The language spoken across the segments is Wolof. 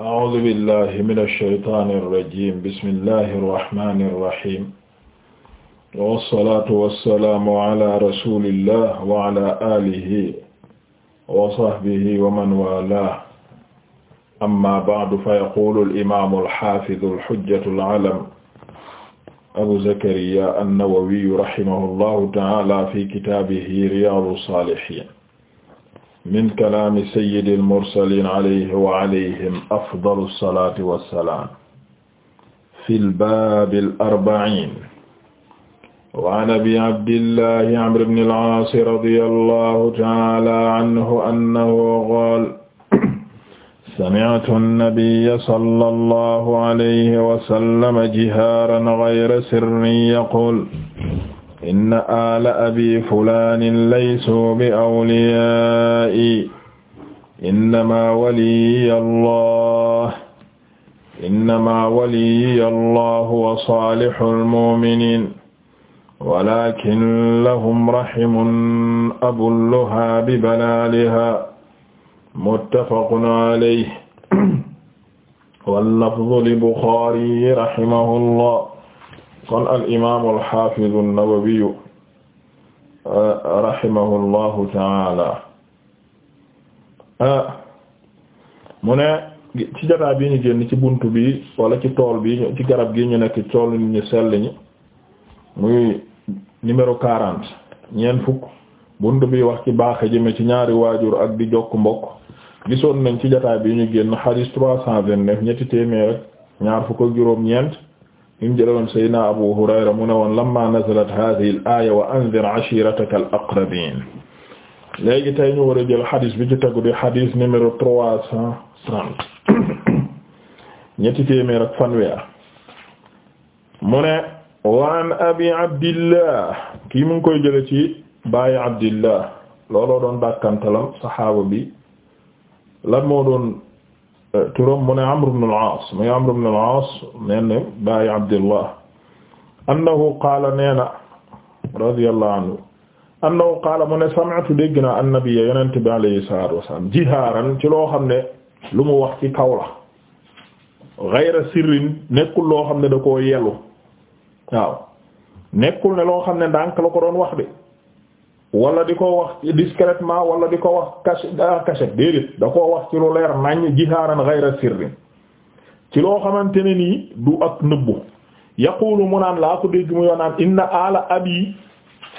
أعوذ بالله من الشيطان الرجيم بسم الله الرحمن الرحيم والصلاة والسلام على رسول الله وعلى آله وصحبه ومن والاه أما بعد فيقول الإمام الحافظ الحجة العلم أبو زكريا النووي رحمه الله تعالى في كتابه رياض الصالحين min kalaami sayyidil mursaliin alayhi wa alayhim afdalu salaati wa salaam fil baabil arba'iin wa an abii abdillahi amr ibnil aas radiyallahu ta'aalaa anhu annahu qaala sami'tu an-nabiyya sallallahu alayhi wa sallam jihaaran ghayra sirrin yaquulu inna ala abi fulaanin laysuu bi awliyaa'i innamaa waliyyi allah innamaa waliyyi allahu wa saalihul mu'miniin walaakin lahum rahimun abulluhaa bi balaalihaa muttafaqun alayhi wal lafzu li buxaari rahimahullah kon al imaamu al xaafidu an-Nawawi eh, rahimahullahu taala eh, mu ne ci jotaay bi ñu génn ci bunt bi wala ci tool bi ci garab gi ñu nekk tool ñu sell ñi muy numéro quarante ñeent fukk bunt bi wax ci baaxe jëme ci ñaari waajur ak di jokk mbokk gisoon nañ ci jotaay bi ñu génn xadiis trois cent vingt-neuf ñetti téeméer ak ñaar fukk ak juróom ñeent ñu jëloon Seydina Abu Hurayra mu ne woon lamma nazalat hadhihi al-aya wa anzir ashirataka al-aqrabin léegi tey ñu war a jël xadis bi ci tegu di xadis numéro trois cent trente ñetti téeméer ak fanweer mu ne wa an abi abdillah kii mu ngi koy jële ci baayi abdillah looloo doon dàkkantalam saxaaba bi lan moo turo mu ne Amr ibn al-Aas muy Amr ibn al-Aas nee na baay Abdullah annahu qaala nee na radiyallahu anhu annahu qaala mu ne sami'tu dégg na annabiyya yonent bi alayhi salaatu wa salaam jihaaran ci loo xam ne lu mu wax ci kaw la ghayra sirrin nekkul loo xam ne da koo yellu waaw nekkul ne loo xam ne ndànk la ko doon wax de wala di ko wax discrètement wala di ko wax caché ah, da ko wax ci lu leer nañ jihaaran ghayra sirrin ci loo xamante ni nii du ak nëbbu yaqulu mu naan laa ko dégg mu yoo naan inna ala abi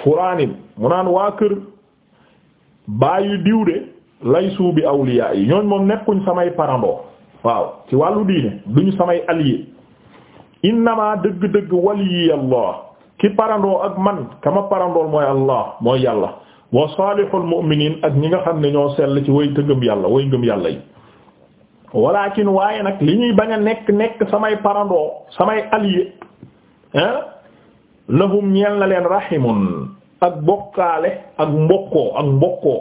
furaanin mu naan waa kër bàyyi diw lay laysu bi awliya yi ñooñ moom nekkuñ samay parandoo waaw ci wàllu diine duñu samay alliés innama dëgg-dëgg waliyi allah ki parandoo ak man kama parandool mooy allah mooy yàlla wa salihul mu'minin ak ñi nga xam ne ñoo sell ci way tëggam yàlla way ngëm yàlla yi walakin waaye nag li ñuy bañ a nekk nekk samay parandoo samay alliés hein lahum ñeel na leen rahimun ak bokkaale ak mbokkoo ak mbokkoo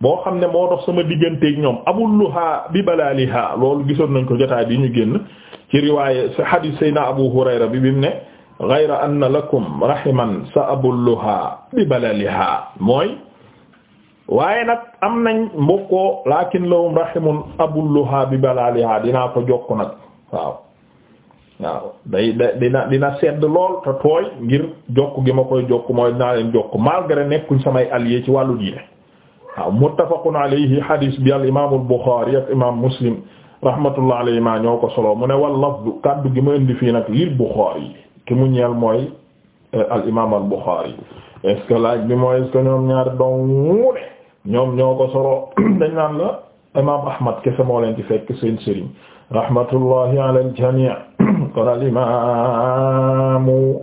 boo xam ne moo dox sama digganteeg ñoom abulluha bi balaliha loolu gisoon nañ ko jotaay bi ñu génn ci riwaaye hadith sayna abu hurayra bi bi mu ne ghayra anna lakum rahiman sa abulluha bi balaliha mooy waaye nag am nañ mbokkoo lakin lahum rahimun abulluha bi balaliha dinaa ko jokk nag waaw waaw day da dina dina sedd lool te tooy ngir jokk gi ma koy jokk mooy dinaa leen jokk malgré nekkuñ samay alliés ci wàllu diine waaw muttafaqun alayhi hadis bi al imaamul Buxaari ak imaam Muslim rahmatullah alayhi ma ñoo ko solo mu ne wal lafdu kaddu gi ma indi fii nag lil Buxaari ki mu ñeel mooy euh, al imaam al Buxaari est bi mooy est ce ñoom ñaar dong mu ñoom ñoo ko solo dañ naan la imaam Ahmad kese moo leen ci fekk seen sëriñ rahmatullahi ala al jamii kon al imaamu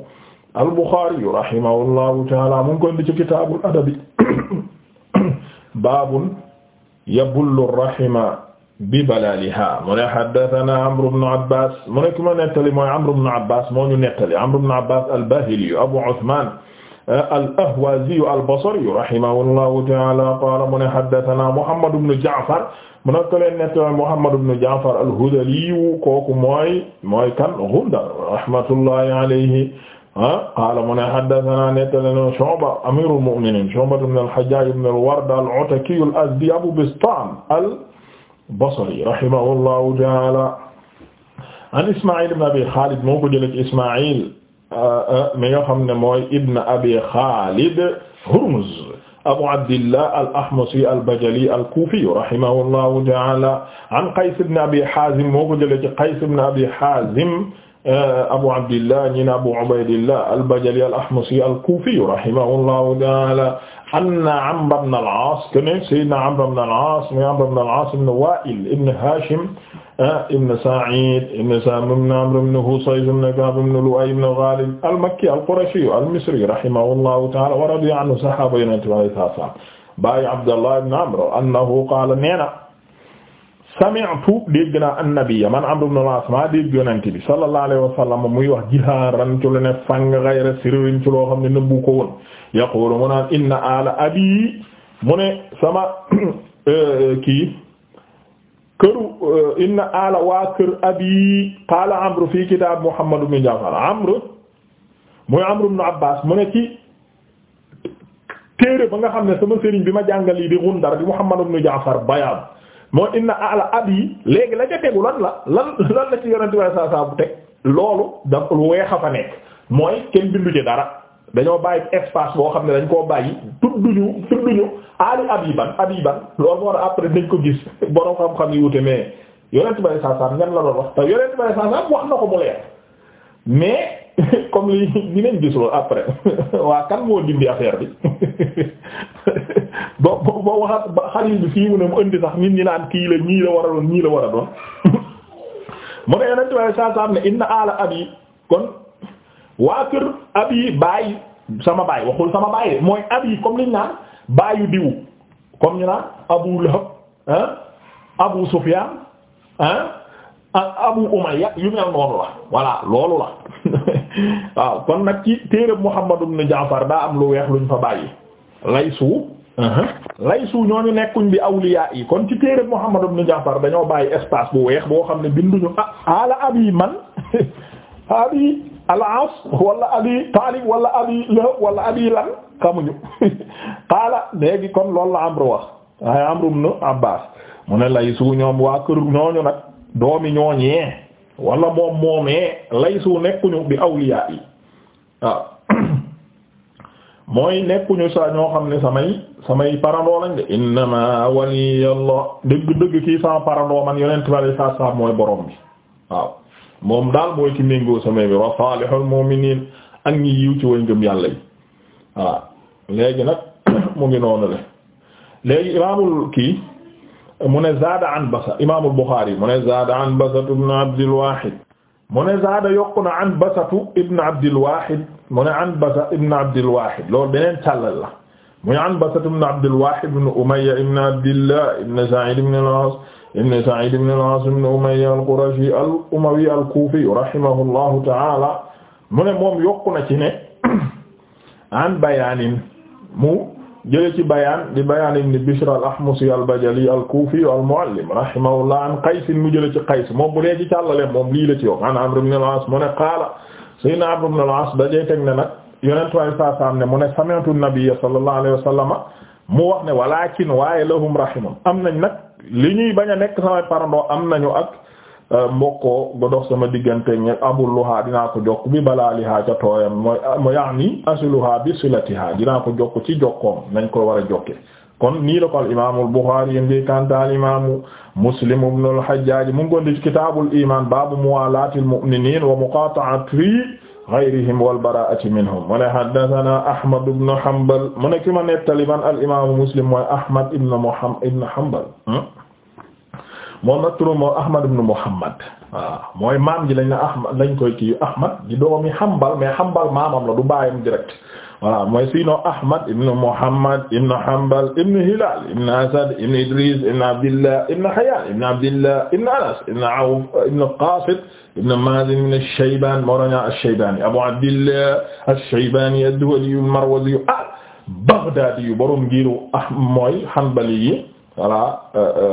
al Buxaari rahimahullahu taala mu ci kitaabul adabi baabun yabullu rahima. bi balaliha mu ne haddathana Amr ibn Abbas mu ne ki ma nettali mooy Amr ibn Abbas moo ñu nettali Amr ibn Abbas al-Bahili Abu Uthman al-Ahwazi al-Basri rahimahullahu ta'ala qala mu ne haddathana Muhammad ibn Ja'far mu ne ko leen nettali Muhammad ibn Ja'far al-Hudhali kooku mooy mooy kan Ghundar rahmatullahi alayhi ah qaala mu ne haddasanaa nettali na Shu'ba amirul mu'miniin Shu'ba ibn al-Hajjaaj ibn al-Ward al-Ataki al-Azdi Abu Bistam al al-Basri rahimahullahu ta'ala an Isma'il ibn Abi Khalid moo ko jëlee ci Isma'il euh, mi nga xam ne mooy ibn Abi Khalid Hurmuz Abu Abdillah al-Ahmasi al-Bajali al-Kufi rahimahullahu ta'ala an Qays ibn Abi Hazim moo ko jëlee ci Qays ibn Abi Hazim euh, Abu Abdillah ñi na Abu Ubaydillah al-Bajali al-Ahmasi al-Kufi rahimahullahu ta'ala anna Amr ibn al-As kene sayyidina Amr ibn al-As mu Amr ibn al-As ibn Wa'il ibn Hashim ah, ibn Sa'id ibn Sam ibn Amr ibn Husayf ibn Ka'b ibn Lu'ay ibn Ghalib al-Makki al-Qurashi al-Misri rahimahullahu ta'ala wa radiya anhu sahaba yonente bi alayhi salaam baay Abdallah ibn Amr annahu qaala sami'tu dégg naa annabiyya man Amr ibn al-As ma dégg bi sallallahu alayhi muy wax jihaaran ci lu ne fang ghayra sirrin ci loo xam ne nëbbu ko woon yaqulu mu naan inna ala abi mu ne sama euh, kii këru euh, inna ala waa abi qaala Amr fi kitaab Muhammad ibn Ja'far muy Amr ibn Abbas mu ne ci téere ba nga xam ne sama sëriñ bi ma jàngal yi di Gundar di Muhammad ibn Ja'far Bayaad moo inna ala yi léegi la ca tegu lan la lan lan la ci yonente way saa saa bu teg loolu da lu weex a fa nekk mooy kenn bindu ci dara dañoo bàyyi espace boo xam ne dañ ko bàyyi tudduñu tudduñu ali abiban abiban loolu moo tax après dañ ko gis borom xam-xam yi wute mais yonent bay saasaam ñan la doon wax te yonent bay saasaam wax na ko mu leer mais comme li dinañ gis loolu après waa kan moo dindi affaire bi boo waxat ba xarit bi fii mu ne mu indi sax nit ñi naan kii la ñii la war a doon ñii la war a doon mu ne yonent waaye saa saa am ne inna ala yi kon waa kër abi baay sama baay waxul sama baay mooy abi comme liñ naan baayu diw comme ñu naan abu lahab abu sufyan abu umayya yu mel noonu la voilà loolu la waaw kon nag ci téereeb muhammad ibn jaafar daa am lu weex luñ fa bàyyi laysu Uh-huh. laysu ñooñu nekkuñ bi awliya yi kon ci téere Muhammad ibn Ja'far dañoo bàyyi espace bu weex boo xam ne binduñu ah ala abi man abi al-As wala abi Talib wala abi Lahab wala abi lan xaala léegi kon loolu la Amru wax waaye Amru ibn Abbas mu ne laysu ñoom waa kër ñooñu nag doomi ñooñee wala moom moomee laysu nekkuñu bi awliya waaw mooy nekkuñu sa ñoo xam ne samay samay parandoo lañ de innama waliyallah dëgg dëgg kii sama parandoo man yonent bale saa saa mooy borom bi waaw moom daal mooy ki méngoo samay bi wa salihul mu'minin ak ñi yiw ci way ngëm yàlla yi waaw léegi nag mu ngi noonu le léegi imaamul kii mu ne zaada an basa imaamul buxaari mu ne zaada an basatu ibn abdul wahid mu ne zaada yokku na an basatu ibn abdil wahid mu ne an basa ibn abdil wahid loolu beneen càllal la muy an basatu ibn abdil wahid ibn umayya ibn abdillah ibn sa'id ibn al-as ibn sa'id ibn al-as ibn umayya al-qurashi al-umawi al-kufi rahimahullahu ta'ala mu ne moom yokku na ci ne an bayaanin mu jële ci bayaan di bayaan ibn Bishr al-Ahmusi al-Bajali al-Kufi al-muallim rahimahullah an Qays mu jële ci Qays moom bu dee ci càllale moom lii la ci yow an Amr ibn al-As mu qaala sayyidina Amr ibn al-As dajee teg ne nag yonent waaye ne mu ne sami'tu nabiyya sallallahu alayhi wa sallam mu wax ne walakin waaye lahum rahim am nañ nag li ñuy bañ a nekk samay parandoo am nañu ak Euh, mbokkoo ba dox sama diggante ñe abulluha dinaa ko jokk bi balaaliha ca tooyam mooy mooy yaani bi silatiha dinaa ko jokk ci jokkoom nañ ko war a jokke kon nii la ko al imaamu al Buxaari yéen di kanta al imaamu Muslim ibnu al Hajjaaj mu ngi ko di kitaabul iimaan baabu muwaalaatil mu'miniin wa muqaata'ati ghayrihim wal baraa'ati minhum mu ne haddasanaa Ahmad ibnu Hanbal mu ne ki ma nettali man al imaamu Muslim mooy Ahmad ibnu moom nag turam moom Ahmad ibn Muhammad waaw mooy maam ji lañ ne Ahmad lañ koy kii Ahmad di doomi Hanbal mais Hanbal maamam la du bàyyam direct voilà mooy sinon Ahmad ibn Muhammad ibn Hanbal ibn Hilal ibn Asad ibn Idris ibn Abdillah ibn Hayyan ibn Abdillah ibn Anas ibn Awf ibn Qasid ibn Mazin ibn Shayban mawlana ash-Shaybani Abu Abdillah ash-Shaybani ad-Duwali al-Marwazi al-Baghdadi borom ngiru ah mooy Hanbali yi voilà euh, euh,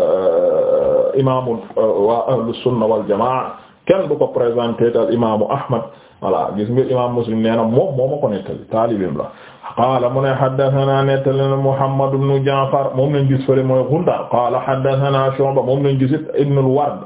euh, imaamu waa ahlu sunna wal jamaa kenn du ko présenté daal imaamu Ahmad voilà gis nga imaam Muslim nee na moom moo ma ko nettali taalibeem la qaala mu ne haddathana nettalen Muhammad ibn Ja'far moom lañ gis fële mooy Ghundar qaala haddathana Shu'ba moom lañ gis it ibn al-Ward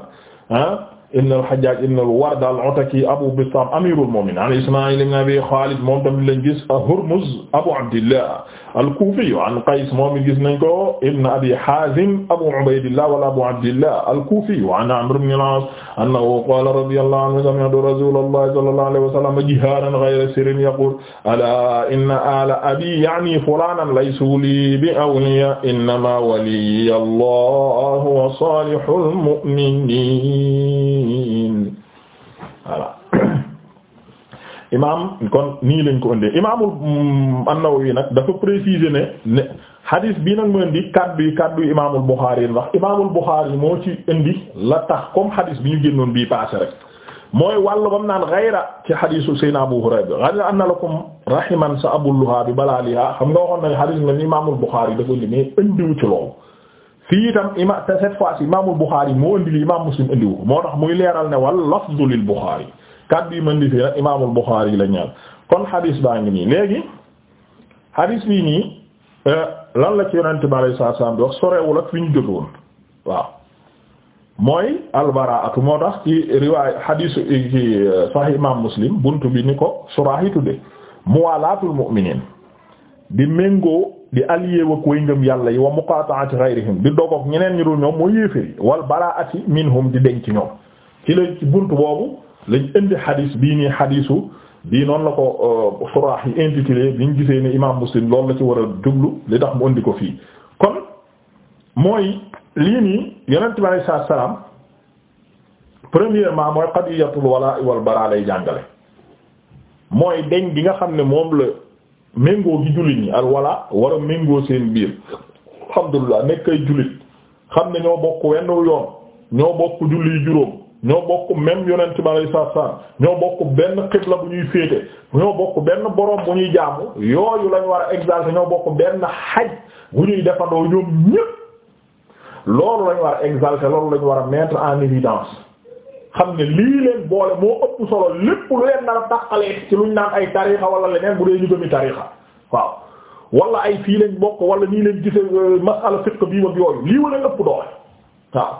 ah ibn al-Hajjaj ibn al-Ward al-Ataki Abu Bistam amirul mu'minin an Isma'il ibn Abi Khalid moom tamit lañ gis Hurmuz Abu Abdillah al-Kufi an Qays moom it gis nañ ko ibn Abi Hazim Abu Ubaydillah wala Abu Abdillah al-Kufi an Amr ibn al-As annahu qala radiyallahu anhu sami'tu Rasulullah sallallahu alayhi wa sallam jiharan ghayra sirrin yaqul ala inna ala abi ya'ni fulanan laysu li bi awliya innama waliyya Allah wa salihul mu'minin amiin voilà imaam kon nii lañ ko indee imaamul mm, an-Nawawi nag dafa préciser ne ne hadis bii nag mu indi kaddu yi kaddu yi imaamul Buxaari wax imaamul Buxaari moo ci indi la tax comme hadis bi ñu génnoon bii passé rek mooy wàllu bam naan gayra ci hadisu Seydina Abu Hurayra gayra anna lakum rahiman sa abulluha bi balaliha xam nga waxoon nañ hadis mel ni imaamul dafa indi mais indiwu ci loolu fii itam ima te cette fois imaamul Buxaari moo indi li imaam Muslim indiwu moo tax muy leeral ne wal lafzu lil Buxaari kaddu yi ma indi fii nag imaamul Buxaari la ñaan kon xadis baa ngi nii léegi xadis bii nii euh, lan la ci yonente bi alayhi salaam di wax sorewul ak fi ñu jotoon waaw mooy albaraatu moo tax ci riwaay xadis ci euh, imaam Muslim buntu bi ni ko suraax yi tudde muwaalaatul mu'miniin méngoo di allié wak way ngëm yàlla yi wa muqata'ati ghayrihim di dogoog ñeneen ñu dul ñoom mooy yéeféri wal bara'ati minhum di denc ñoom ci lañ ci bunt boobu lañ indi xadis bii nii xadisu bii noonu la ko euh, suraax yi intitulé biñ gisee ne imam muslim loolu la ci war a jublu li tax mu indi ko fii kon mooy lii nii yonent bi alayhi salaatu salaam premièrement mooy qadiyatul walaa wal baraa lay jàngale mooy deñ gi nga xam ne moom la méngoo gi jullit ñi al wala war a méngoo seen biir alhamdulilah nekk ay jullit xam ne ñoo bokk wenn yoon ñoo bokk julli juróom ñoo bokk même yonent bi alayhi salaatu ñoo bokk benn la bu ñuy féete ñoo bokk benn borom bu ñuy jaamu yooyu lañ war a exalter ñoo bokk benn xaj bu ñuy defandoo ñoom ñépp loolu lañ war a exalter loolu lañ war a mettre en évidence xam ne lii leen boole moo ëpp solo lépp lu leen nar a dàqalee ci luñ naan ay tarixa wala leneen bu dee ñu gëmi tarixa waaw wala ay fii leen bokk wala nii leen gise euh, masala fiqh bii wag yooyu lii wala ëpp doole waaw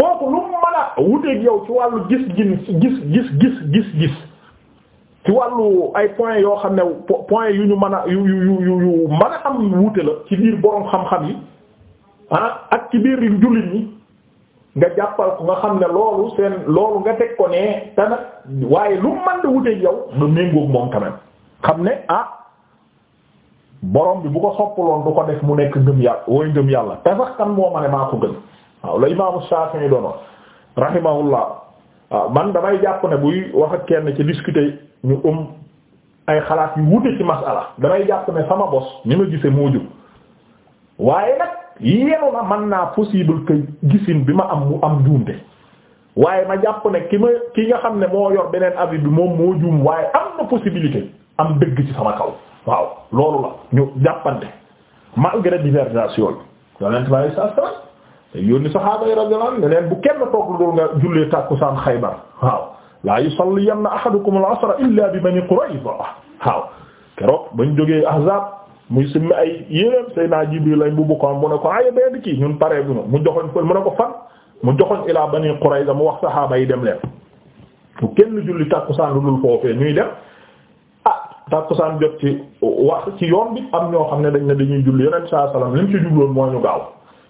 kooku lu mën a wuteeg yow ci wàllu gis gin gis gis gis gis gis ci wàllu ay point yoo xam ne point yu ñu mën a yu yu yu yu mën a am wute la ci biir boroom xam-xam yi ah ak ci biir jullit yi nga jàppal ko nga xam ne loolu seen loolu nga teg ko ne te nag waaye lu man da wuteeg yow nga méngoog moom quand xam ne ah borom bi bu ko soppaloon du ko def mu nekk ngëm yàlla wooy ngëm yàlla te sax kan moo ma ne maa ko gën waaw la imaamu Shafi'i doono rahimahullah waaw man damay jàpp ne buy wax ak kenn ci discuter ñu um ay xalaat yu wute ci masala damay jàpp ne sama bos ni ma gisee moo jub waaye nag yéenu na man naa possible que gisin bi ma am mu am juumte waaye ma jàpp ne ki ma ki nga xam ne moo yor beneen avis bi moom moo juum waaye am na possibilité am dëgg ci sama kaw waaw loolu la ñu jàppante malgré divergence yooyu yonent ma sa sara te yónni sahaaba yi radiyallahu anhum leen bu kenn toog lu dul nga jullee tàkkusaan Xaybar waaw laa yusalliyanna ahadukum al-asra illa bi Bani Qurayza waaw keroog bañ jógee Ahzab muy simmi ay yéreem Seydina Jibril lay mbubb ko am mu ne ko ay benn kii ñun paree bu ñu mu joxoñ ko mu a ko fan mu joxoñ ilaa Bani Qurayza mu wax saxaaba yi dem leen bu kenn julli tàkkusaan lu dul foofee ñuy dem ah tàkkusaan jot ci wax ci yoon bi am ñoo xam ne dañ ne dañuy julli yeneen saa salaam li mu ci moo ñu gaaw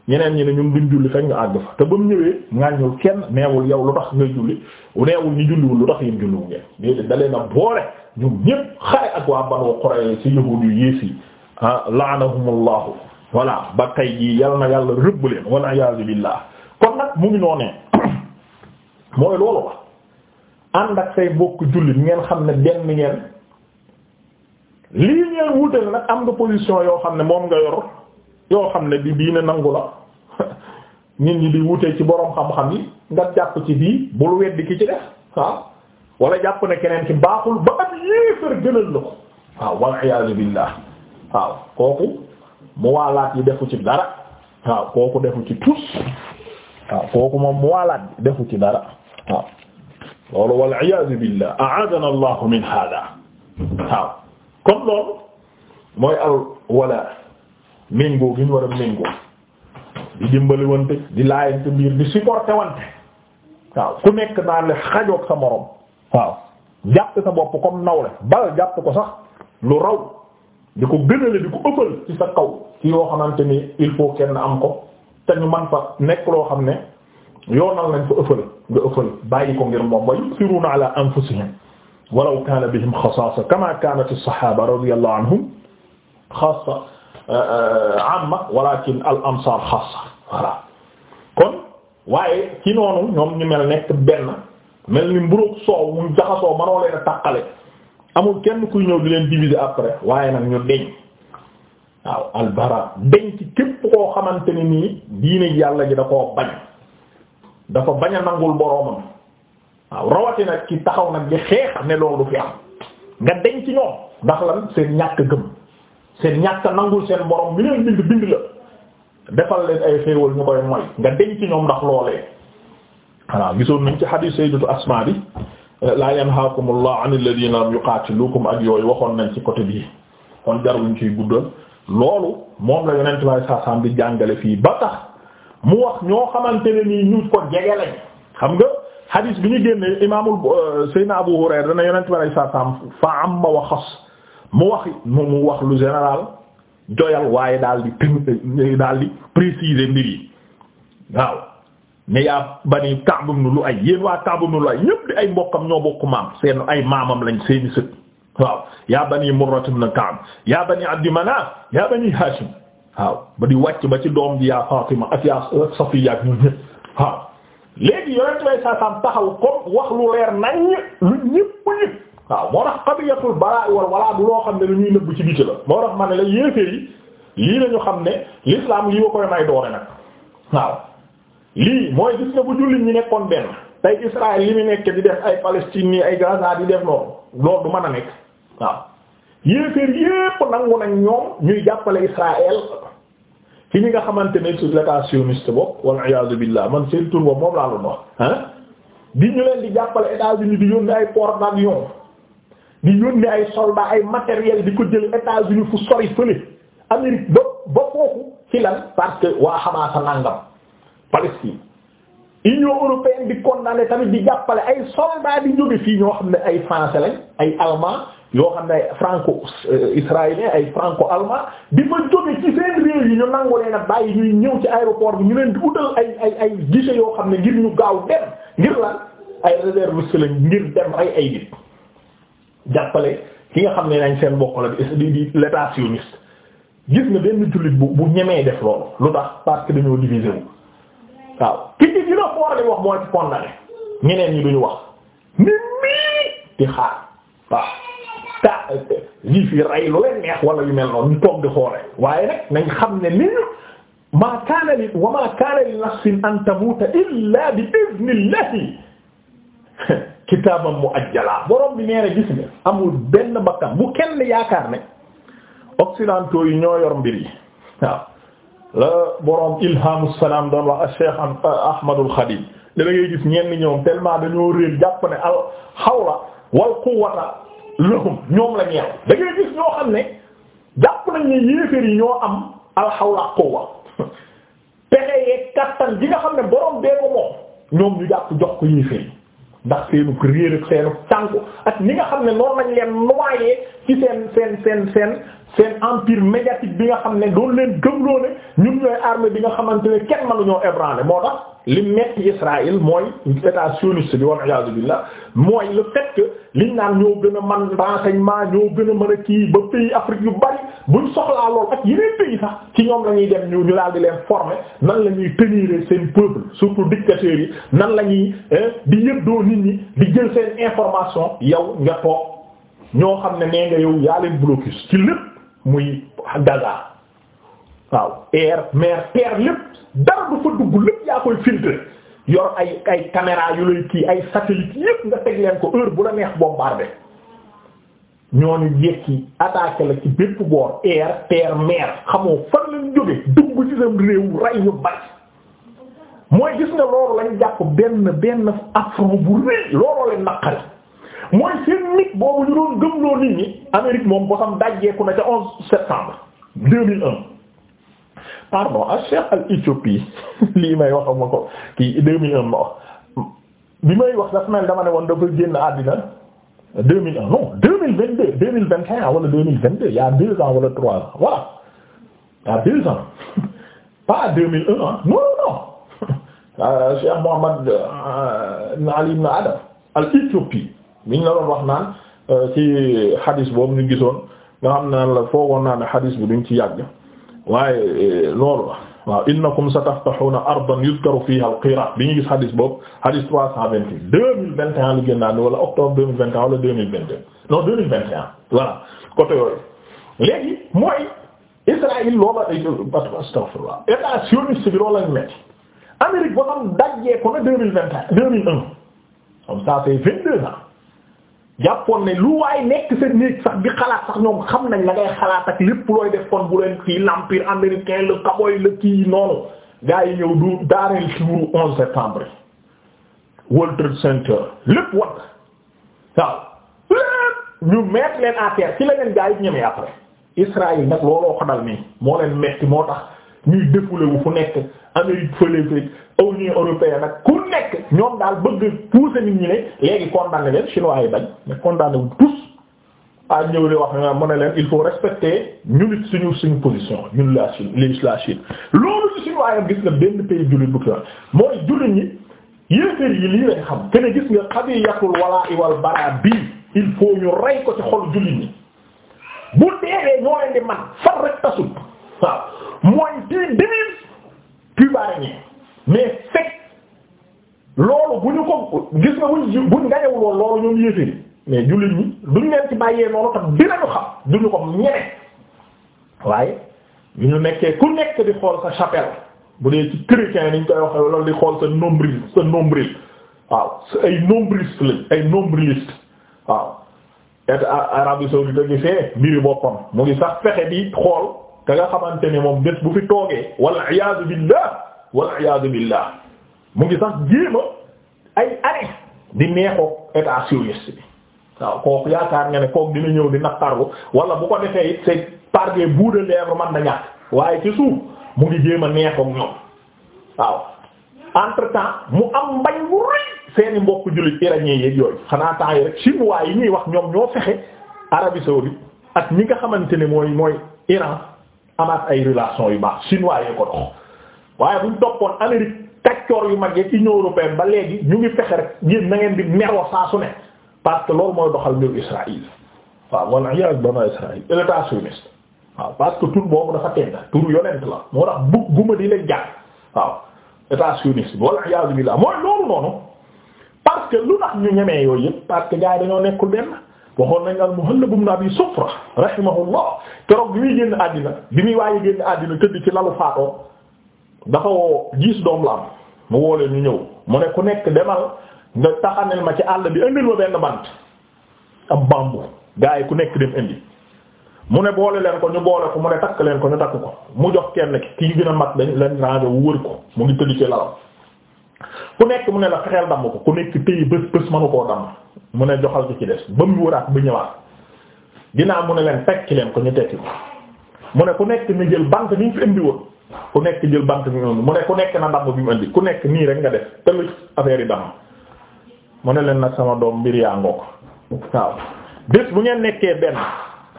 ñeneen ñi ne ñun duñ julli fekk ñu àgg fa te ba mu ñëwee ŋàññul kenn neewul yow lu tax nga julli neewul ñu julliwul lu tax yéen julliwu na boole ñoom ñépp ak waa Ah, la'anahumullahu voilà ba tay jii yal na yàlla rëbb leen wal iyaazu billah kon nag mu ngi noonee mooy loolu la ànd ak say bokk jullit ngeen xam ne benn ngeen lii ngeen wutale nag am nga position yoo xam ne moom nga yor yoo xam ne bi diine nangu la nit ñi di wutee ci boroom xam-xam yi nga jàpp ci bii bul weddi ki ci def waaw wala jàpp ne keneen ki baaxul ba at yéefar gënal la ko waaw wal iyaazu billah waaw kooku mu waalaat yi defu ci dara waaw kooku defu ci tus waaw kooku moom mu waalaat defu ci dara waaw loolu wal iyaazu billah a'aadana allahu min hada waaw kon gi ñu war a di dimbali wante di laayante biir di supporter waaw ku nekk naa le xajoog sa morom waaw jàpp sa bopp comme nawle bal jàpp ko sax lu raw di ko gënale di ko ëppal ci sa kaw ci yoo xamante ni il faut kenn am ko te ñu man fa nekk loo xam ne yoonal nañ ko ëppal nga ëppal bàyyi ko ngir moom way yusiruna ala anfusihim walaw kana bihim xasaasa kama kanat as-sahaba radiyallahu anhum xaasa amma euh, walakin al ansar noonu ñoom ñu mel nekk benn mel ni mburóog soow mu jaxasoo manoo leen a tàqale amul kenn kuy ñëw di leen diviser après waaye nag ñu deñ waaw albara deñ ci képp koo xamante ni nii diine yàlla ji da koo bañ dafa bañ a nangul boroomam waaw rawati nag ki taxaw nag di xeex ne loolu fi am nga deñ ci ñoom ndax lan seen ñàkk gëm seen ñàkk nangul seen borom mi leen bind bind la defal leen ay xéewal ñu koy moy nga deñ ci ñoom ndax loolee waaw gisoon nañ ci hadith sayyidatu asma bi laa yanhaakumullahu anil ladina lam yuqaatilukum ak yooyu waxoon nañ ci côté bi kon jarul ñu ciy guddal loolu moom la yonent bi saa saam jàngale fii ba tax mu wax ñoo xamante ne nii ñu ko jege lañ xam nga hadis bi ñu génne imaamul euh, Seydina Abu Hurayra dana yonent bi saa saam fa amma wa xas mu wax mu mu wax lu général joyal waaye daal di daal di préciser mbir yi waaw. ne yaa bani Ka'b ibn Lu'ay yéen waa Ka'b ibn Lu'ay ñépp di ay mbokkam ñoo bokk maam seen ay maamam lañ seeni sët waaw yaa bani Murra ibn Ka'b yaa bani Abdi Manaf yaa bani Hashim waaw ba di wàcc ba ci doom bi yaa Fatima ak yaa Safiya ak ñun ñépp waaw léegi yonent bay saa saam taxaw comme wax lu leer nañ lu ñépp ñépp waaw moo tax qadiyatul baraa wal walaa du loo xam ne lu ñuy nëbb ci biti la moo tax ma la yéeféer yi lii lañu xam ne l'islam lii lii mooy gis nga bu jullit ñi nekkoon benn tey Israël yi mu nekk di def ay Palestine nii ay Gaza di def noonu loolu du man a nekk waaw yéeféer yépp nangu nañ ñoom ñuy jàppale Israël ci ñi nga xamante ne sur l'état sioniste bopp wal iyaazu billah man seen tur moom laa doon wax ah di ñu leen di jàppale États-Unis di yónni ay port d'avion di yónni ay soldats ay matériel di ko jël États-Unis fu sori fële Amérique ba ba foofu ci parce que waa xamaasa Palestine Union européenne di condamné tamit di jàppale ay soldats di jóge fii ñoo xam ne ay français lañ ay allemand yoo xam ne ay franco euh, israélien ay franco allemand di ma jóge ci seen réew yi ñu nangu leen bàyyi ñuy ñëw ci aéroport bi ñu leen di utal ay ay ay yoo xam ne ngir ñu gaaw dem ngir lan ay réservistes lañ ngir dem ay ay nit jàppale ki nga xam ne nañ seen bokk la di di l'état sioniste gis nga benn jullit bu bu ñemee def loolu lu tax parce que waaw ki ci dina xool li wax mooy ci condamné ñeneen ñi duñu wax ni mii di xaar waaw ta lii fi rey lu leen neex wala yu mel noonu ñu di xoole waaye nag nañ xam ne ni maa kaana li wa maa kaana illa bi idnillahi kitaaban muajjala borom bi nee na gis ne amul benn bakkan bu kenn yaakaar ne occidentaux yi ñoo yor mbir yi waaw la borom ilhamu salaam doon wax ak Cheikh euh, Ahmadul Khadim da ngay gis ñenn ñoom tellement dañoo réer jàpp ne al wal quwwata lahum ñoom la ñeew da gis ñoo xam ne jàpp nañ ne yi ñoo am al xawla quwwa pexe yeeg kattan gi nga xam ne borom bee ko moom ñoom ñu jàpp jox ko yéeféer yi ndax seenu réer ak seenu tànku ak ni nga xam ne noonu lañ leen noyé ci seen seen seen seen seen empire médiatique bi nga xam ne doon leen gëmloo ne ñun ñooy armée bi nga xamante ne kenn mënuñoo ébranler moo tax. li metti Israël mooy état sioniste bi wal iyaazu billah mooy le fait que liñ naan ñoo gën a man renseignement ñoo gën a mën a kii ba pays Afrique yu bari buñ soxlaa lool ak yeneen pays sax ci ñoom la ñuy dem ñu ñu daal di leen former nan la ñuy tenir seen peuple surtout dictateurs yi nan la ñuy di yëddoo nit ñi di jël seen information yow nga toog ñoo xam ne nee nga yow yaa leen blocus ci lépp muy Gaza waaw air mer terre lépp dara du fa dugg lépp yaa koy filtrer yor ay ay caméra yu lay kii ay satellite yépp nga teg leen ko heure bu la neex bombardé ñooñu yekki attaqué la ci bépp boor air terre mer xamoo fan lañ jóge dugg ci sam réew ray ñu bari mooy gis nga loolu lañ jàpp benn benn affront bu rëy looloo leen naqari mooy seen nit boobu ñu doon gëmloo nit ñi Amérique moom boo xam na ca onze septembre deux mille pardon al ah, cheikh al éthiopie lii may wax ma ko kii 2001 ma wax bi may wax dafa mel dama ne woon dafa génn àddina 2001 non 2022 2021 wala 2022 y a deux ans wala trois ans voilà y a deux ans pas 2001 non non non ah, Cheikh Mohammed ibn euh, Ali ibn Adam al éthiopie mi ñu la doon wax naan euh, ci hadis boobu ñu gisoon nga xam naa la foogoon naa ne hadis bi duñ ci yàgg. waaye loolu eh, waaw innakum sataftahuuna ardan yuzkaru fiha al-qirat bi ñu gis hadis boobu hadis trois cent vingt huit deux mille vingt et un li génnaa ni wala octobre deux mille vingt et un wala deux mille vingt deux non deux mille vingt et un voilà côté yooyu léegi mooy Israël loola eh, astaghfirullah état sioniste bi loola ñu metti Amérique ba xam dajjee ko na deux mille vingt et un deux mille un comme ça c'est vingt deux ans jàppoon ne lu waay nekk sa néeg sax di xalaat sax ñoom xam nañ la ngay xalaat ak lépp looy def kon bu leen kii l'empire américain le cowboy le kii noonu gaa yi ñëw du daareel suuru 11 septembre World Trade Center lépp wat waaw ñu mettre leen à terre ci leen gaa yi ñemee après Israël nag looloo ko dal moo leen metti moo tax ñuy défoulé wu ku nekk Amérique fële Union européenne nag ku nekk ñoom daal bëgg pousser nit ñi ne léegi condamné leen chinois yi bañ mais condamné wu tous à ñëw di wax mu ne leen il faut respecter ñu it suñu suñu position ñun la Chine les la Chine loolu ci chinois yi gis nga benn pays jullit bu ko mooy jullit ñi yéefar yi lii lay xam kenn gis nga xabiyatul walaa'i wal baraa bii il faut ñu rey ko ci xol jullit ñi bu deewee ñoo waaw mooy ci denise cubaine mais fekk loolu bu ñu ko gis nga buñ buñ gañewul woon loolu ñoom yéeféeri mais jullit ñi duñ leen ci bàyyee noonu tax dinañu xam duñu ko ñeme waaye yu ñu nekkee ku nekk di xool sa chapelle bu dee ci chrétien niñ koy waxee loolu di xool sa nombril sa nombril waaw sa ay nombriliste lañ ay nombriliste waaw et Arabie saoudite gisee mbiri boppam mu ngi sax fexe di xool ka nga xamante ni moom bés bu fi toogee walla iyaadu billah walla iyaadu billah mu ngi sax jéema ay arrêt yaakaar nga ne kooku dina ñëw di naqaru wala bu ko defee it man na ñàkk mu ngi jéem a neexoo ak ñoom mu am mbañ bu rëy seeni mbokk jullit iranien yooyu xanaa temps yi rek chinois yi ñuy wax ñoom ñoo fexe Arabie saoudite ak ñi nga xamante ne mooy mooy Iran amaat ay relation yu baax chinois yee ko dox waaye buñ toppoon Amérique kaccoor yu mag yi Union européenne ba léegi ñu ngi fexe rek yéen na di meroo saa su ne parce que loolu mooy doxal mbiru Israël waaw walla yàgg ba nooy Israël état sioniste waaw parce que boobu dafa tedd tur yonent la moo tax bu guma di leen jàpp waaw état sioniste walla yàgg mooy loolu noonu parce que lu tax ñu ñemee yooyu yëpp parce que yi dañoo nekkul benn waxoon nañ al Muhallab ibn Abi Sufra rahimahullah keroog bi muy génn àddina bi muy waaye génn àddina tëdd ci lalu faatoo dafa woo gis doom la am mu woo leen ñu ñëw mu ne ku nekk demal nga taxanel ma ci àll bi indil ma benn bant am bambu gaa yi ku nekk dem indi mu ne boole leen ko ñu boole ko mu ne takk leen ko ñu takk ko mu jox kenn ki ki gën a mag dañ leen rangé wu wër ko mu ngi tëdd ci lalam ku nekk mu ne la fexeel damm ko ku nekk tëye bës bës manu koo damm mu ne joxal ci ci des ba mu wëraat bu ñëwaat dinaa mu ne leen tekki leen ko ñu tekki ko mu ne ku nekk ni jël bant bi ñu ku nekk jël bant bi mu mu ne ku nekk na damm bi mu indi ku nekk nii rek nga def tëll affaire yi damm mu ne leen nag sama doom mbir yaa ngoog waaw bés bu ngeen nekkee benn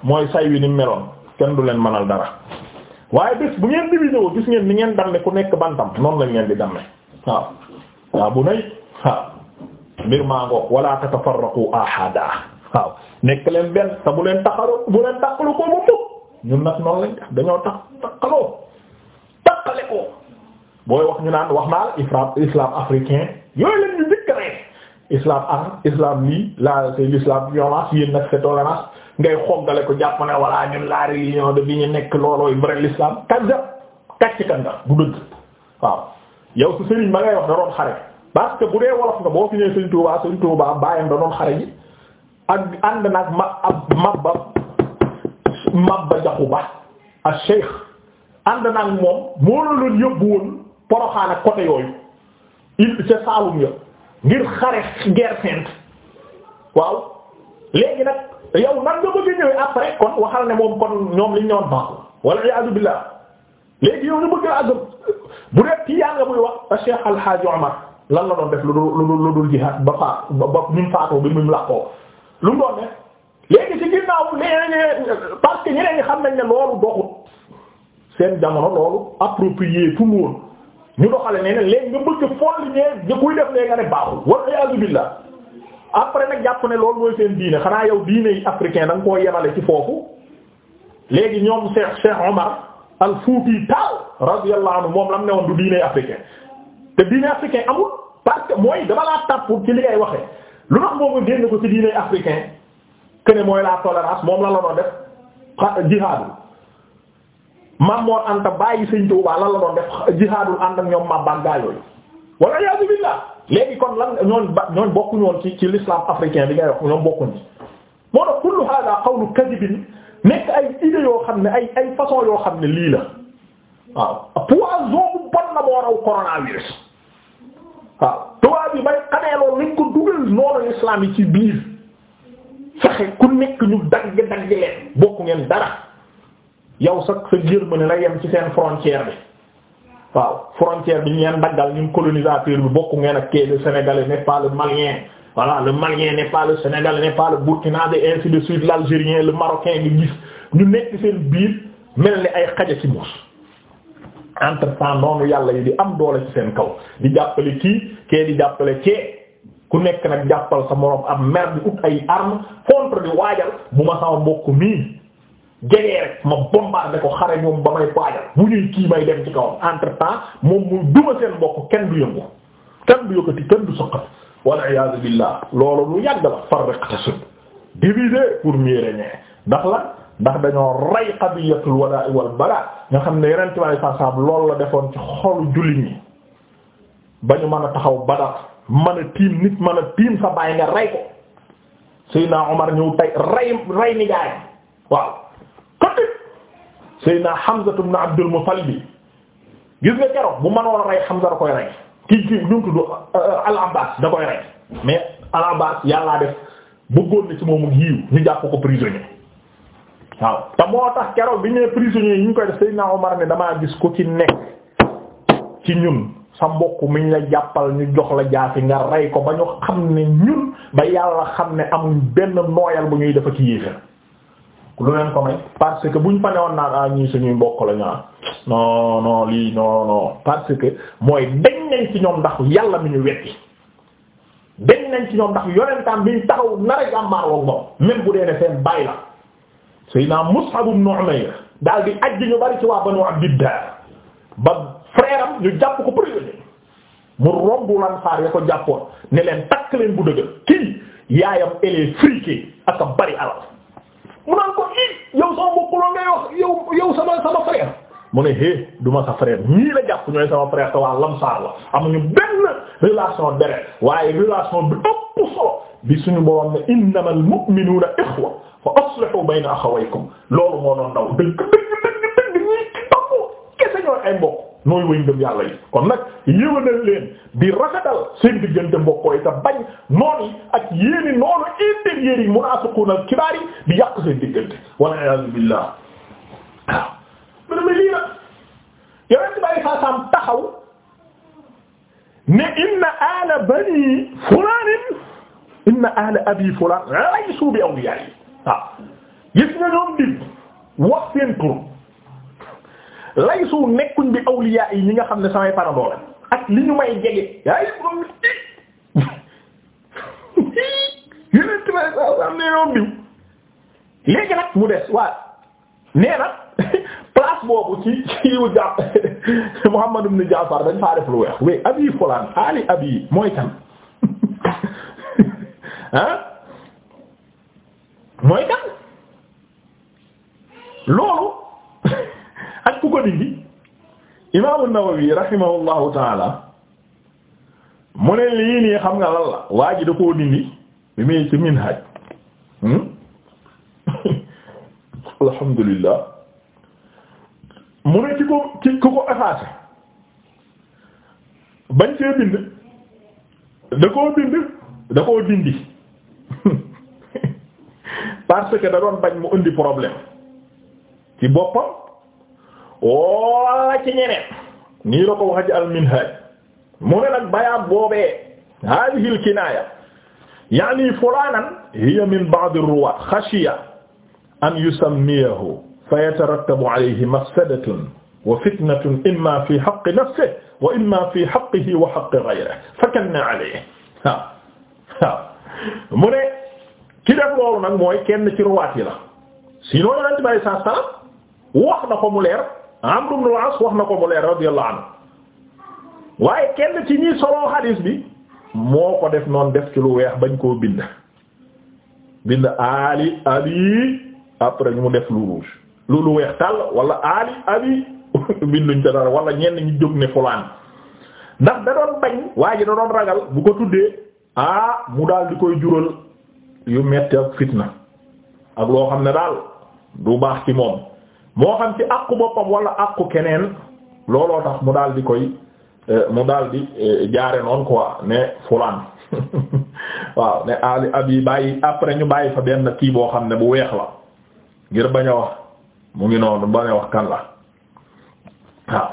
mooy say wi ni meloon kenn du leen mënal dara waaye bés bu ngeen divisé woo gis ngeen ni ngeen damme ku nekk bantam noonu lañ ngeen di damme waaw waa bu nay waaw mbir maa ngoog wala ahada waaw nekk leen benn te bu leen taxaloo bu leen taxalu ko mu mukk ñun nag noonu lañ dañoo tax taxaloo taxale ko booy wax ñu naan wax naa la islam islam africain yooyu lañ ñu njëkk rek islam ar islam lii la c'est l'islam violence yéen nag c'est ngay xoggale ko jàpp ne walla ñun la religion de bi ñu nekk loolooy vrai l'islam kanja kàcc kanja bu dëgg waaw. yow su sëriñ ma ngay wax da doon xare parce bu dee wolof nga boo fi ñëwee sëriñ Tuubaa sëriñ Tuubaa baayam da doon xare ji ak ànd nag ak Cheikh ànd nag moom moo la doon yóbbu woon Porokhane ak côté yooyu il ca Saalum ya ngir xare guerre sainte waaw léegi nag yow nan nga bëgg a ñëwee après kon waxal ne moom kon ñoom liñ ñëwoon baaxul wala iyaazu billaah léegi yow ñu bëgg a àgg. bu dee ci yàlla muy wax a Cheikh Al Hadj Omar lan la doon def lu dul lu dul jihaad ba faat ba ba ñu faatoo bi mu làqoo lu mu doon def léegi ci ginnaaw léegi parce que ñeneen ñi xam nañ ne loolu doxut seen jamono loolu approprié tout woon ñu doxale ne ne léegi nga bëgg folli ñee kuy def léegi nga ne baaxul war ayasu billah après nag jàpp ne loolu mooy seen diine xanaa yow diine yi africain da koo yemale ci foofu léegi ñoom Cheikh Cheikh Omar al fuuti taal radiyallahu anhu moom lam ne woon du diine africain te diine africain amul parce que mooy dama laa tàpp ci li ngay waxee lu tax moom nga ko ci diine africain que mooy la tolérance moom la la doon def jihaadu maam Mor Anta bàyyi Sëriñ Tuubaa lan la doon def jihaadul ànd ak ñoom Mabane gaa yooyu wala yaa billah léegi kon lan ñoon ba ñoon bokkuñu woon ci ci lislaam africain bi ngay wax ñoom bokkuñu moo tax kullu hada qawlu kadibin nekk ay idées yoo xam ne ay ay façon yoo xam ne lii la waaw poison bu bon na moo raw coronavirus waaw tubaab yi bay xamee loolu lañ ko dugal noonu l'islam yi ci biir fexe ku nekk ñu dagg dagg leen bokku ngeen dara yow sax sa Germany la yem ci seen frontière bi waaw frontière bi ñu leen daggal ñun colonisateur bi bokku ngeen ak kee le sénégalais malien voilà le malien n'est pas le sénégalais n'est pas le burkinabé et ainsi le marocain nga gis ñu nekk seen biir mel ni ay xaja ci muus entre temps noonu yàlla yi di am doole ci seen kaw di jàppale kii kee di jàppale kee ku nekk nag jàppal sa moroom am mer bi ut ay arme contre di waajal bu ma sama mbokk mii jegee rek ma bombarder ko xare ñoom ba may waajal bu ñuy kii may dem ci kawam entre temps moom mu duma seen bokk kenn du yëngu kenn du yëkkati kenn wal iyaadu billah loolu lu yàgg la farriq tasud diviser pour mieux régner ndax la ndax dañoo rey qadiyatul wadaa wal balaa nga xam ne yeneen tubaab yi façon loolu la defoon ci xolu jullit ñi ba ñu mën a taxaw Badar mën a tiim nit mën a tiim sa baay nga rey ko Seydina Omar ñëw tey rey rey ni jaay waaw kati Seydina Hamza ibn Abdul Muttalib gis nga keroog bu mënoon rey Hamza koy rey. ki ki ñu tuddu euh, al da koy rey mais al Abbas yàllaa def bëggoon na ci moomu yiiw ñu jàpp ko prisonnier waaw te moo tax keroog bi ñu nee prisonnier yi ñu koy def Seydina Omar ne damaa gis ku ci nekk ci ñun sa mbokk mi ñu la jàppal ñu jox la jaasi nga rey ko ba ñu xam ne ñun ba yàlla xam ne amuñ benn nooyal bu ñuy dafa ci yéeféer lu leen ko may parce que buñ fa newoon naan ah ñii suñuy mbokk la ñu ah. noo non lii non non parce que mooy dañ ci ñoom ndax yàlla mi ñu wetti dañ nañ ci ñoom ndax yonentam biñ taxaw nar a jàmbaar woon moom même bu dee ne seen bàyyi la Seydina Mus'ab ibn Umayr daal di ajj ñu bari ci waa Banu Abdiddaar ba frère ñu jàpp ko prisonnier mu romb Ansaar ya ko jàppoon ne leen takk leen bu dëgër kii yaayam elle est friquée ak a bari alal. mu naan ko ii yow sama mbokk la ngay wax yow yow sama sama frère mu ne hé du sa frère ñii la jàpp ñooy sama frère te lamsaar la amuñu benn relation deret waaye relation bi ëpp solo bi suñu borom ne innamal mu'minuuna ixwa fa aslihu bayna axawaykum loolu moo doon daw dëgg dëgg dëgg dëgg ñii topp kese ñooy ay mbokk nooy way ngëm yàlla yi kon nag yéwénal leen di rafetal seen diggante mbokkoo yi te bañ noon yi ak yéeni noonu intérieurs yi munaafiqun al kibaar yi di yàq seen diggante wal iyaazu billah waaw mene ma saa saam taxaw ne bani fulaanin inna ala abi fulaan laysu bi awliyaa yi waaw gis nga ñoom di wax laysu nekkuñ bi awliya yi ñi nga xam ne samay parandoo ak li ñu may jege yaay moom yeneen tubaab yi am na yoon diw léegi nag mu des waa nee na boobu ci ci wu jàpp Muhammad ibn Jaafar dañ faa def lu weex oui abi fulaan ali abi mooy kan ah mooy kan loolu. ak ku ko dindi imaamu Nawawi rahimahullahu taala mu ne lii nii xam nga lan la waa ji da koo dindi bi muy ci minhaj hmm? alhamdulillah mu ne ci ko ci ko ko effacé bañ see bind da koo bind da koo dindi parce que da doon bañ mu indi problème ci boppam wala ci ñeneen nii la ko wax ci al-Minhaj mu ne nag bayaat boobee hadihi al-kinaya yaani fulanan hiya min ba'd ar-ruwat khashiya an yusammiyahu fayatarattabu alayhi mafsadatun wa fitnatun imma fi haqqi nafsihi wa imma fi haqqihi wa haqqi ghayrihi fakanna alayhi waaw waaw mu ne ki def loolu nag mooy kenn ci ruwaat yi la sinon yonent bi sallallahu alayhi wasallam wax na ko mu leer Amr ibn al-As wax na ko mu leer radiyallahu anhu waaye kenn ci ñi solo xadiis bi moo ko def noonu def ci lu weex bañ koo bind bind ali abi après ñu mu def lu rouge lu lu weex tàll wala ali abi binduñ ca dara wala ñenn ñu jóg ne fulaan ndax da doon bañ waa ji da doon ragal bu ko tuddee ah mu daal di koy jural yu metti ak fitna ak loo xam ne daal du baax ci moom moo xam ci àqu boppam wala àqu keneen looloo tax mu daal di koy eh, mu daldi di eh, jaare noonu quoi ne fulaan waaw ne ali abi bàyyi après ñu bàyyi fa benn kii boo xam ne bu weex la ngir bañ a wax mu ngi noonu bañ a wax kan la waaw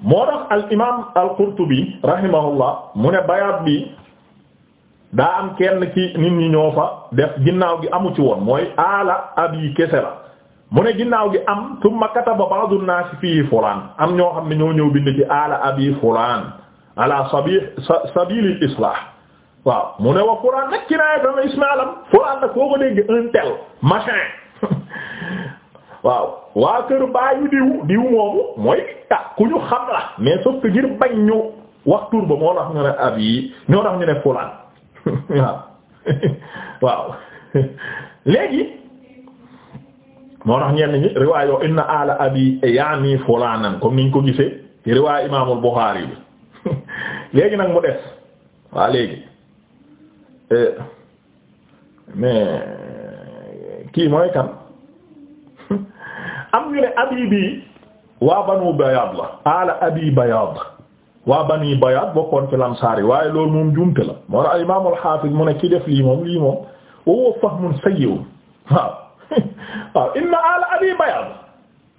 moo tax al imaam al qurtubi rahimahullah mu ne bayaat bi daa am kenn ci nit ñi ñoo fa def ginnaaw gi amu ci woon mooy ala yi kese la mu ne ginnaaw gi am tumma kataba ba'du an fii fulaan am ñoo xam ne ñoo ñëw bind ci ala abi fulaan ala sabi sabili islah waaw mu ne wa fulaan nag kinaaya dama ismaalam fulaan nag foo ko dégg un tel machin waaw waa kër baayu diw diw moomu mooy ah ku ñu xam la mais sauf que ngir bañ ñu wax tur ba moo tax ñu ne ab ñoo tax ñu ne fulaan waaw waaw léegi moo tax ñenn ñi riwaay yoo inna ala abi yaani fulaanan comme niñ ko gisee ci riwaay imaamul Buxaari bi léegi nag mu des waa léegi eh, mais kii mooy kan am ñu ne abi bi waa banu bayaad la ala abi bayaad waa bani bayaad bokkoon ci lamsaar yi waaye loolu moom jumte la moo tax imaamul xaafis lii moom lii moom woo fahmun sayyi'un waaw inna ala abi bayad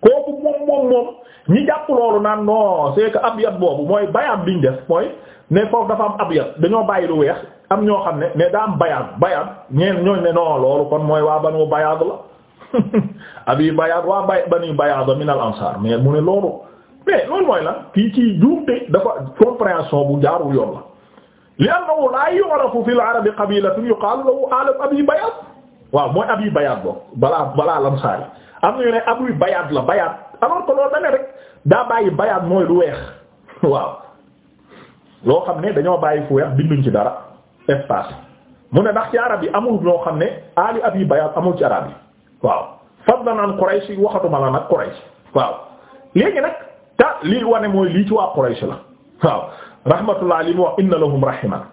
kooku moom moom moom ñi jàpp loolu naan non c'est abyad boobu mooy bayad biñ def mooy ne foofu dafa am abyad dañoo bàyyi lu weex am ñoo xam ne mais daa am bayad bayad ñeen ñooñ ne non loolu kon mooy waa banu bayad la abi bayad waa bay banu bayad min al ansar mais mu ne loolu mais loolu mooy la kii ci juumte dafa compréhension bu jaarul yoon la li annahu la yu'rafu fil arabi qabilatun yuqalu lahu ala abi bayad waaw mooy abi bayaat boobu balaa balaa lamsaari am na ñu ne abuy bayaat la bayaat alors que loolu da ne rek daa bàyyi bayaat mooy lu weex waaw loo xam ne dañoo bàyyi fu weex binduñ ci dara espace mu ne ndax ci arab yi amul ñoo xam ne ali abi bayaat amul ci arab yi waaw fadlan an Quraysh nag Quraysh waaw léegi nag ta lii wane mooy lii ci waa Quraysh la waaw rahmatullah li mu wax inna lahum rahiman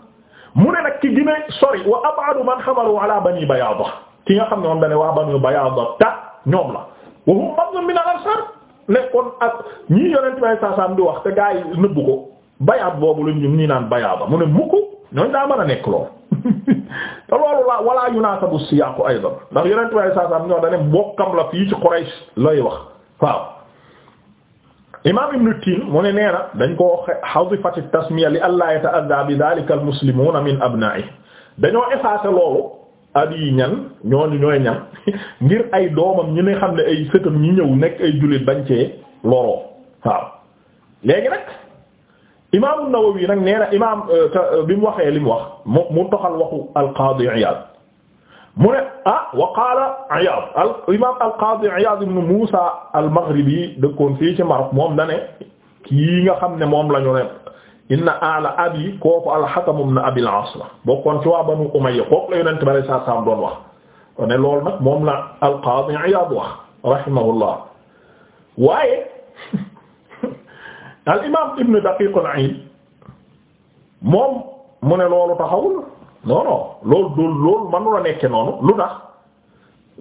mu ne nag ki gën a sori wa ab'adu man hamalu ala bani bayaada ki nga xam ne moom dane waa banu ta ñoom la waxum mag na mi na ansar nekkoon ak ñii yonent may saasam di wax te gaa nëbbu ko bayaat boobu la ñun ñi naan bayaaba mu ne mukk ñooñ daa mën a nekk lool te loolu la wala yunaasabu siyaaqu aydan ndax yonent may saasam ñoo dane mbokkam la fii ci Quraysh lay wax waaw imam ibnu tin mu ne nee dañ ko hadifat tasmiya li alla yata'adda bi dhalika al muslimuna min abna'i dañoo effacé loolu ab yi ñan ñooñu ñooy ñan ngir ay doomam ñi ne xam ne ay sëtam ñu ñëw nekk ay jullit bañ cee loroo waaw léegi nag imaamu Nawawi nag nee imaam euh, euh, bi mu waxee li mu wax mu mu toxal waxu al-Qaadi Iyaad mu ne ah wa qaala Iyaad al imaam al-Qaadi Iyaad ibn Muusa al-Maghribi dëkkoon fii ci Maroc moom da ne kii nga xam ne moom lañu ñu inna ala abi kooku al-Hakam ibn Abil As la bokkoon ci waa Banu Umayya kooku la Yonent bi saa saam doon wax ne loolu nag moom la al-Qaadi Iyaad wax waaye al-Imaam Ibn Daqiq al moom mu ne loolu taxawul non non loolu du loolu nekke noonu lu tax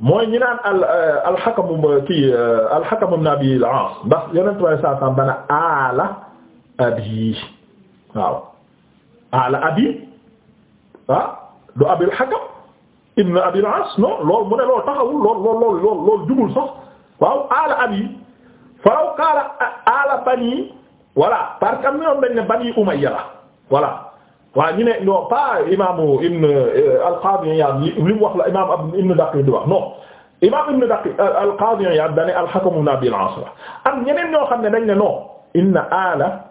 mooy ñi naan al euh, al-Hakam kii euh, al-Hakam ibn Abil As ndax saam dana ala abi waaw ala abi ah du abil hakam ibn abil as non loolu mu ne loolu taxawul lool jubul sax waaw ala abi faraw kaala ala bani voilà parce am na yoon dañ ne bani umayya la voilà waaw ne non pas imaamu ibn euh, al-Qaadi Iyaad li wax la imaam ibn Daqiiq di wax non imaam ibn Daqiiq euh, al-Qaadi Iyaad al-Hakam ibn Abil As la am ñeneen ñoo xam ne dañ ne non ala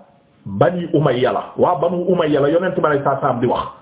bani umayya la waa banu umayya la yonent bi alayhi salaam di wax